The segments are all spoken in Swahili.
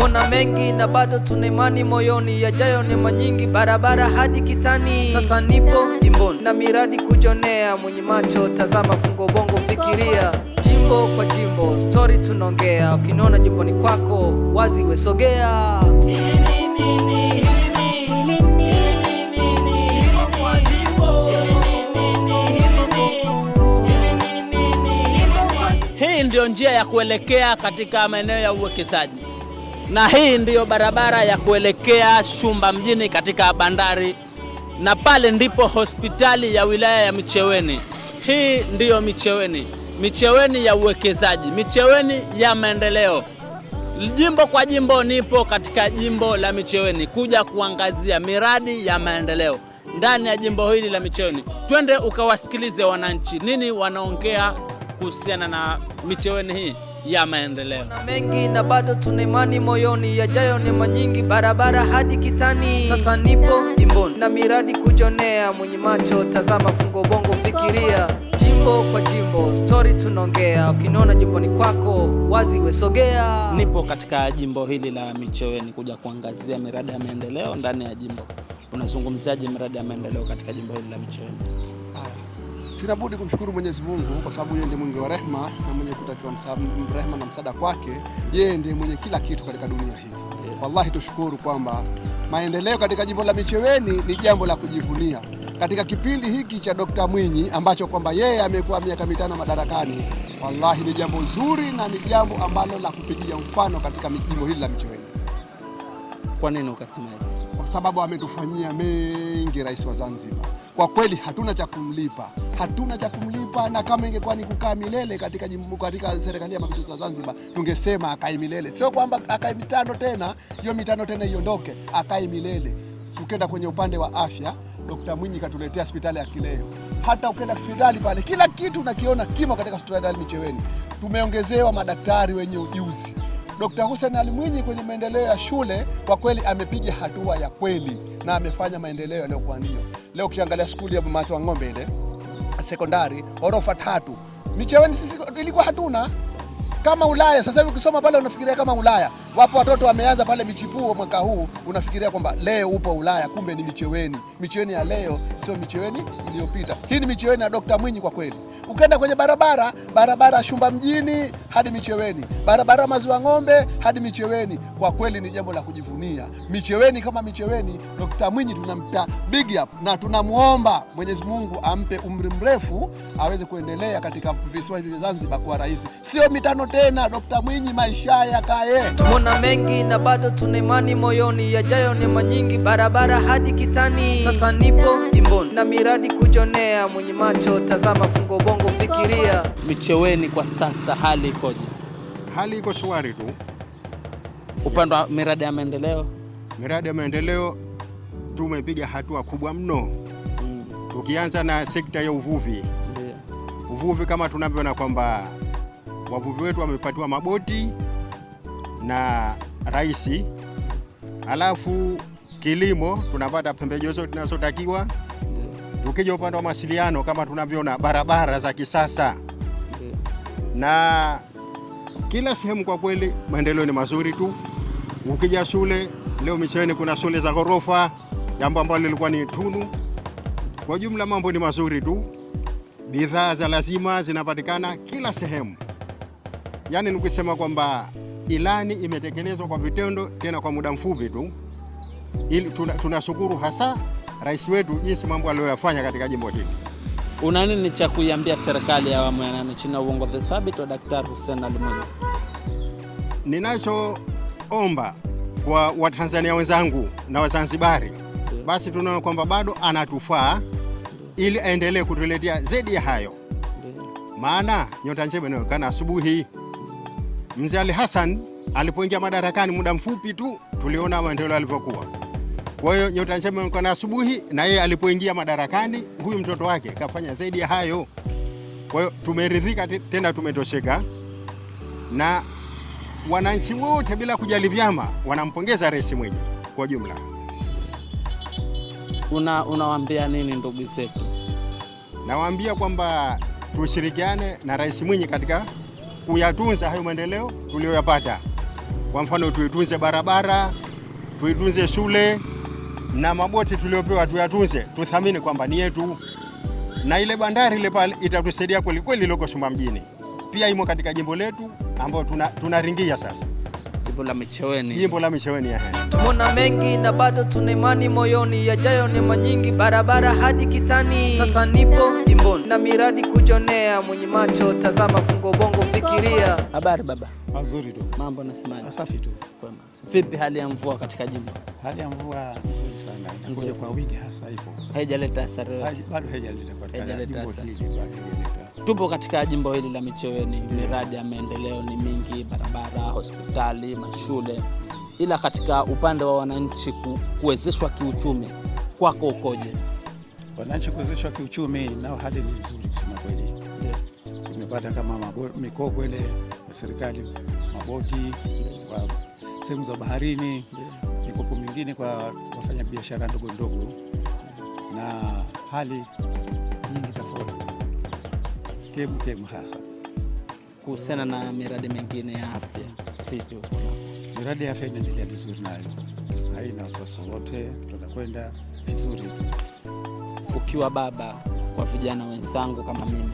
mona mengi na bado tuna imani moyoni, yajayo ni manyingi, barabara hadi kitani. Sasa nipo jimboni na miradi kujonea, mwenye macho tazama, fungo bongo fikiria, jimbo kwa jimbo, stori tunaongea, ukiniona jimboni kwako wazi wesogea ndio ndiyo njia ya kuelekea katika maeneo ya uwekezaji na hii ndiyo barabara ya kuelekea Shumba mjini katika bandari, na pale ndipo hospitali ya wilaya ya Micheweni. Hii ndiyo Micheweni, Micheweni ya uwekezaji, Micheweni ya maendeleo. Jimbo kwa jimbo, nipo katika jimbo la Micheweni kuja kuangazia miradi ya maendeleo ndani ya jimbo hili la Micheweni. Twende ukawasikilize wananchi nini wanaongea kuhusiana na Micheweni hii ya maendeleo. Na mengi na bado tuna imani moyoni, yajayo ni manyingi, barabara hadi kitani. Sasa nipo jimboni na miradi kujonea, mwenye macho tazama, fungo bongo fikiria, jimbo kwa jimbo, stori tunaongea, ukiniona jimboni kwako wazi wesogea. Nipo katika jimbo hili la Micheweni kuja kuangazia miradi ya maendeleo ndani ya jimbo. Unazungumziaje miradi ya maendeleo katika jimbo hili la Micheweni? Sina budi kumshukuru Mwenyezi Mungu kwa sababu yeye ndiye mwingi wa rehema na mwenye kutakiwa rehema na msaada kwake. Yeye ndiye mwenye kila kitu katika dunia hii. Wallahi, tushukuru kwamba maendeleo katika jimbo la Micheweni ni jambo la kujivunia katika kipindi hiki cha Dr. Mwinyi ambacho kwamba yeye amekuwa miaka mitano madarakani. Wallahi, ni jambo zuri na ni jambo ambalo la kupigia mfano katika jimbo hili la Micheweni. Kwa nini ukasema hivyo? kwa sababu ametufanyia mengi rais wa Zanzibar. Kwa kweli hatuna cha kumlipa, hatuna cha kumlipa, na kama ingekuwa ni kukaa milele katika jimbo, katika serikali ya mapinduzi ya Zanzibar tungesema akae milele, sio kwamba akae mitano tena, hiyo mitano tena iondoke, akae milele. ukenda kwenye upande wa afya, Dr. Mwinyi katuletea hospitali ya kileo hata ukenda hospitali pale kila kitu unakiona kimo katika hospitali Micheweni. Tumeongezewa madaktari wenye ujuzi Dkt. Hussein Ali Mwinyi kwenye maendeleo ya shule kwa kweli amepiga hatua ya kweli na amefanya maendeleo yaliyokuwa ndio. Leo ukiangalia skuli ya Mama wa Ng'ombe ile sekondari orofa tatu, Micheweni sisi ilikuwa hatuna kama Ulaya. Sasa hivi ukisoma pale unafikiria kama Ulaya. Wapo watoto wameanza pale michipuo mwaka huu, unafikiria kwamba leo upo Ulaya, kumbe ni micheweni. Micheweni ya leo sio micheweni iliyopita. Hii ni micheweni ya Dr. Mwinyi kwa kweli. ukenda kwenye barabara barabara ya Shumba mjini hadi Micheweni, barabara Maziwa Ng'ombe hadi Micheweni, kwa kweli ni jambo la kujivunia. Micheweni kama micheweni, Dr. Mwinyi tunampa big up na tunamwomba Mwenyezi Mungu ampe umri mrefu aweze kuendelea katika visiwa hivi vya Zanzibar kuwa rais. Sio mitano tena, d Mwinyi maisha yakaye tumeona mengi na bado tuna imani moyoni, yajayo ni manyingi, barabara hadi kitani. Sasa nipo jimboni na miradi kujonea, mwenye macho tazama, fungo bongo fikiria. Micheweni kwa sasa hali ikoje? Hali iko shwari tu upande wa miradi ya maendeleo. Miradi ya maendeleo tumepiga hatua kubwa mno, mm. tukianza na sekta ya uvuvi yeah. Uvuvi kama tunavyoona kwamba wavuvi wetu wamepatiwa maboti na rahisi. Alafu kilimo tunapata pembejeo zote zinazotakiwa. Tukija upande wa mawasiliano, kama tunavyoona barabara za kisasa na kila sehemu, kwa kweli maendeleo ni mazuri tu. Ukija shule leo Micheweni kuna shule za ghorofa, jambo ambalo lilikuwa ni tunu. Kwa jumla mambo ni mazuri tu, bidhaa za lazima zinapatikana kila sehemu. Yaani nikisema kwamba ilani imetekelezwa kwa vitendo, tena kwa muda mfupi tu. Ili tunashukuru tuna hasa rais wetu jinsi mambo aliyoyafanya katika jimbo hili. Una nini cha kuiambia serikali ya awamu ya nane chini ya uongozi thabiti wa Daktari Hussein Ali Mwinyi? Ninachoomba kwa Watanzania wenzangu na Wazanzibari, basi tunaona kwamba bado anatufaa ili aendelee kutuletea zaidi ya hayo, maana nyota njema inaonekana asubuhi. Mzee Ali Hassan alipoingia madarakani muda mfupi tu tuliona maendeleo alivyokuwa. Kwa hiyo nyota njema ilikuwa na asubuhi, na yeye alipoingia madarakani huyu mtoto wake kafanya zaidi ya hayo. Kwa hiyo tumeridhika tena, tumetosheka na wananchi wote bila kujali vyama wanampongeza rais Mwinyi kwa jumla. Una unawaambia nini ndugu zetu? Nawaambia kwamba tushirikiane na rais Mwinyi katika kuyatunza hayo maendeleo tuliyoyapata. Kwa mfano, tuitunze barabara, tuitunze shule na maboti tuliopewa tuyatunze, tuthamini kwamba ni yetu, na ile bandari ile pale itatusaidia kwelikweli. loko Sumba mjini pia imo katika jimbo letu ambayo tunaringia tuna sasa jimbo la Micheweni, jimbo la Micheweni. Tumeona mengi na bado tuna imani moyoni, yajayo ni manyingi, barabara hadi kitani. Sasa nipo jimboni na miradi kujionea, mwenye macho tazama, fungo bongo fikiria. Habari baba? Nzuri tu. Mambo nasemaje? Safi tu. Kwema. Vipi hali ya mvua katika jimbo? Hali ya mvua nzuri sana. Inakuja kwa wingi hasa hivyo. Haijaleta hasara yoyote. Bado haijaleta kwa haijaleta hasara. Tupo katika jimbo hili la Micheweni Miradi ya maendeleo ni mingi, barabara, hospitali, mashule, ila katika upande wa wananchi kuwezeshwa kiuchumi kwako ukoje? Wananchi kuwezeshwa kiuchumi nao hali ni nzuri kusema kweli kupata kama mikopo ile ya serikali, maboti kwa sehemu za baharini, mikopo mingine kwa wafanya biashara ndogo ndogo na hali nyingi tofauti kemu kemu, hasa kuhusiana na miradi mingine ya afya. Miradi ya afya inaendelea vizuri, nayo haina wasiwasi wowote, tunakwenda vizuri. Ukiwa baba kwa vijana wenzangu kama mimi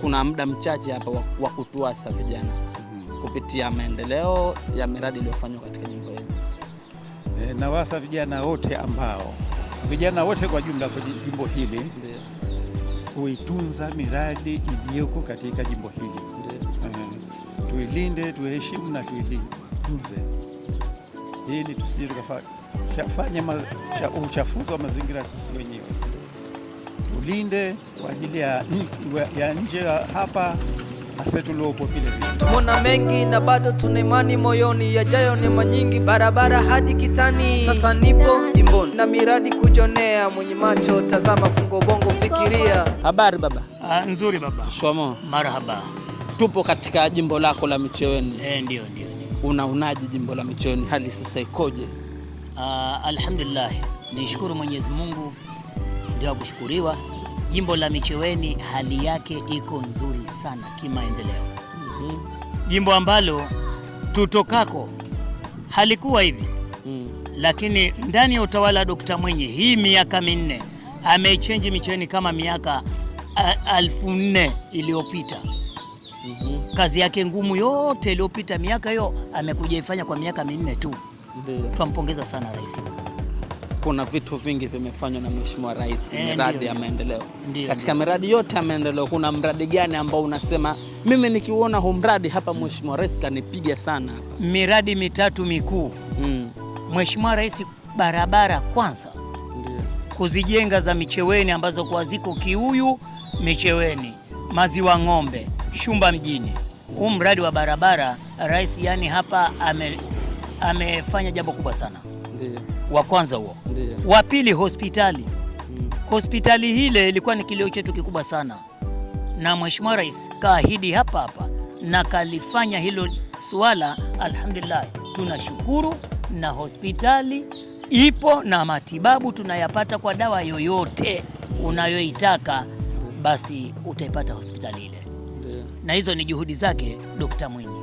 kuna muda mchache hapa wa kutuasa vijana mhm. kupitia maendeleo ya miradi iliyofanywa katika jimbo hili. E, nawasa vijana wote ambao vijana wote kwa jumla kwa jimbo hili kuitunza miradi iliyoko katika jimbo hili e, tuilinde, tuheshimu na tuitunze ili tusije tukafanya uchafuzi wa mazingira sisi wenyewe tulinde kwa ajili ya, ya nje hapa hasa vile mona mengi na bado tuna imani moyoni, yajayo ni nyingi, barabara hadi kitani. Sasa nipo jimboni na miradi kujonea, mwenye macho tazama, fungo bongo fikiria. Habari baba? Ah, nzuri baba. Shwamo. Marhaba. Tupo katika jimbo lako la Micheweni. Eh, ndio ndio. Unaonaje jimbo la Micheweni, hali sasa ikoje? Ah, alhamdulillah, nishukuru Mwenyezi Mungu ndio kushukuriwa. Jimbo la Micheweni hali yake iko nzuri sana kimaendeleo. mm -hmm. Jimbo ambalo tutokako halikuwa hivi mm. Lakini ndani ya utawala wa Dokta Mwinyi hii miaka minne amechenji Micheweni kama miaka alfu nne iliyopita. mm -hmm. Kazi yake ngumu yote iliyopita miaka hiyo amekuja ifanya kwa miaka minne tu. mm -hmm. Twampongeza sana rais kuna vitu vingi vimefanywa na Mheshimiwa Rais, eh, miradi ya maendeleo. Katika miradi yote ya maendeleo, kuna mradi gani ambao unasema mimi nikiuona huu mradi hapa, mm. Mheshimiwa Rais kanipiga sana hapa? Miradi mitatu mikuu mm. Mheshimiwa Rais, barabara kwanza, ndiyo. kuzijenga za Micheweni ambazo kwa ziko Kiuyu, Micheweni, Maziwa Ng'ombe, Shumba mjini. Huu mradi wa barabara rais, yani hapa ame, amefanya jambo kubwa sana, ndiyo. wa kwanza huo wa pili hospitali hmm. Hospitali hile ilikuwa ni kilio chetu kikubwa sana, na Mheshimiwa Rais kaahidi hapa hapa na kalifanya hilo suala. Alhamdulillah, tunashukuru na hospitali ipo na matibabu tunayapata kwa dawa yoyote unayoitaka basi utaipata hospitali ile, na hizo ni juhudi zake Dokta Mwinyi.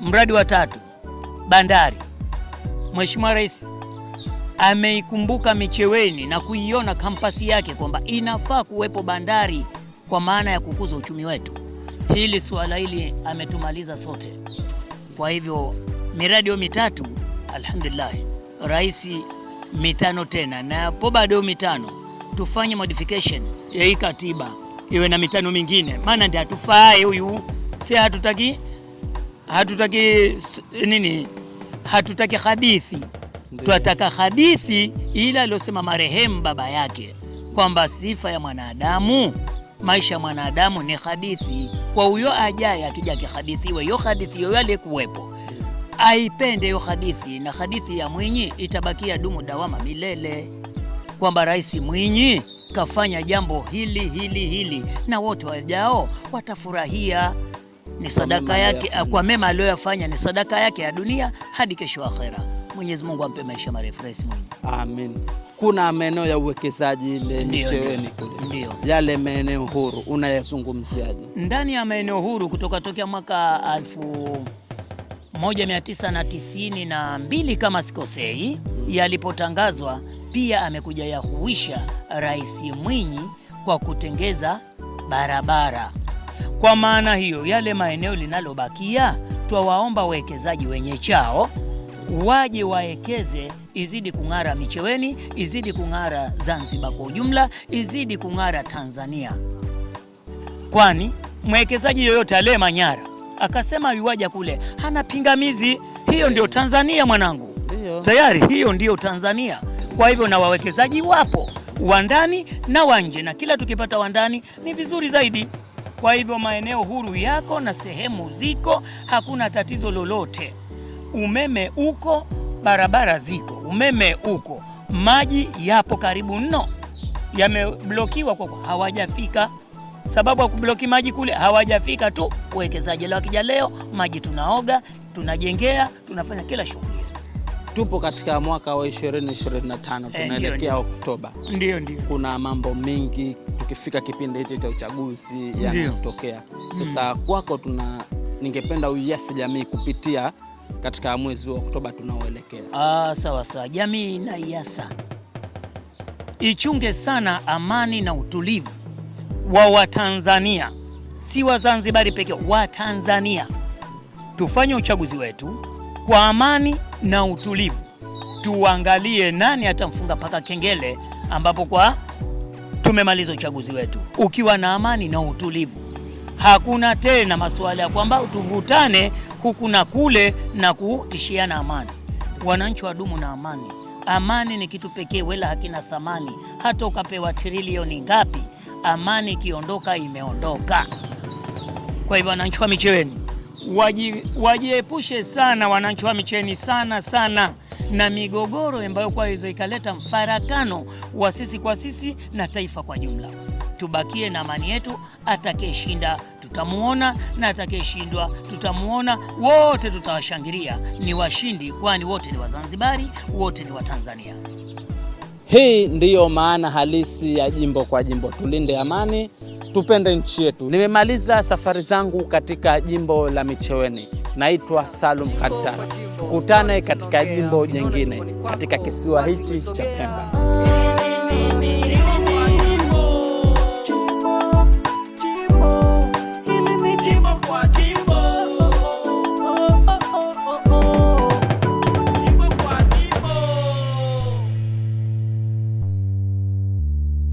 Mradi wa tatu bandari, Mheshimiwa Rais ameikumbuka Micheweni na kuiona kampasi yake kwamba inafaa kuwepo bandari kwa maana ya kukuza uchumi wetu. Hili suala hili ametumaliza sote. Kwa hivyo miradi mitatu alhamdulillah, rais mitano tena na hapo bado mitano, tufanye modification ya hii katiba iwe na mitano mingine, maana ndio hatufai huyu, si hatutaki hatutaki nini, hatutaki hadithi Twataka hadithi ile aliyosema marehemu baba yake kwamba sifa ya mwanadamu, maisha ya mwanadamu ni hadithi. Kwa huyo ajaye akija kihadithiwe hiyo hadithi, hiyo aliyekuwepo aipende hiyo hadithi, na hadithi ya Mwinyi itabakia dumu dawama milele, kwamba Rais Mwinyi kafanya jambo hili hili hili, na wote wajao watafurahia. Ni sadaka yake kwa mema aliyoyafanya, ni sadaka yake ya dunia hadi kesho akhera. Mwenyezi Mungu ampe maisha marefu rais Mwinyi. Amin. Kuna maeneo ya uwekezaji lencheweni kule. Ndio. Yale maeneo huru unayazungumziaje? Ndani ya maeneo huru kutoka tokea mwaka 1992 kama sikosei, yalipotangazwa pia amekuja yahuisha Rais Mwinyi kwa kutengeza barabara. Kwa maana hiyo, yale maeneo linalobakia twawaomba wawekezaji wenye chao waje waekeze, izidi kung'ara Micheweni, izidi kung'ara Zanzibar kwa ujumla, izidi kung'ara Tanzania, kwani mwekezaji yoyote aliye Manyara akasema yuwaja kule hana pingamizi. Hiyo ndio Tanzania mwanangu, tayari hiyo ndio Tanzania. Kwa hivyo na wawekezaji wapo wa ndani na wa nje, na kila tukipata wa ndani ni vizuri zaidi. Kwa hivyo maeneo huru yako na sehemu ziko, hakuna tatizo lolote umeme uko, barabara ziko, umeme uko, maji yapo karibu mno, yameblokiwa kwa hawajafika sababu ya kubloki maji kule hawajafika tu. Uwekezaji la wakija leo, maji tunaoga, tunajengea, tunafanya kila shughuli. Tupo katika mwaka wa 2025 eh, tunaelekea Oktoba. Ndio, ndio, kuna mambo mengi tukifika kipindi hichi cha uchaguzi yanayotokea sasa. Hmm. kwako tuna ningependa uiasi jamii kupitia katika mwezi wa Oktoba tunaoelekea. Ah, sawa sawa. Jamii na iasa ichunge sana amani na utulivu wa Watanzania, si Wazanzibari pekee, Watanzania. Tufanye uchaguzi wetu kwa amani na utulivu, tuangalie nani atamfunga paka kengele, ambapo kwa tumemaliza uchaguzi wetu ukiwa na amani na utulivu. Hakuna tena masuala ya kwamba tuvutane huku na kule na kutishiana amani. Wananchi wadumu na amani. Amani ni kitu pekee, wala hakina thamani, hata ukapewa trilioni ngapi. Amani ikiondoka, imeondoka. Kwa hivyo wananchi wa Micheweni wajiepushe waji sana, wananchi wa Micheweni sana sana na migogoro ambayo kwaweza ikaleta mfarakano wa sisi kwa sisi na taifa kwa jumla. Tubakie na amani yetu, atakayeshinda tutamwona na atakayeshindwa tutamwona, wote tutawashangilia. Ni washindi, kwani wote ni Wazanzibari, wote ni Watanzania. Hii ndiyo maana halisi ya jimbo kwa jimbo. Tulinde amani, tupende nchi yetu. Nimemaliza safari zangu katika jimbo la Micheweni. Naitwa Salum Kantara, tukutane katika jimbo jingine, katika kisiwa hichi cha Pemba.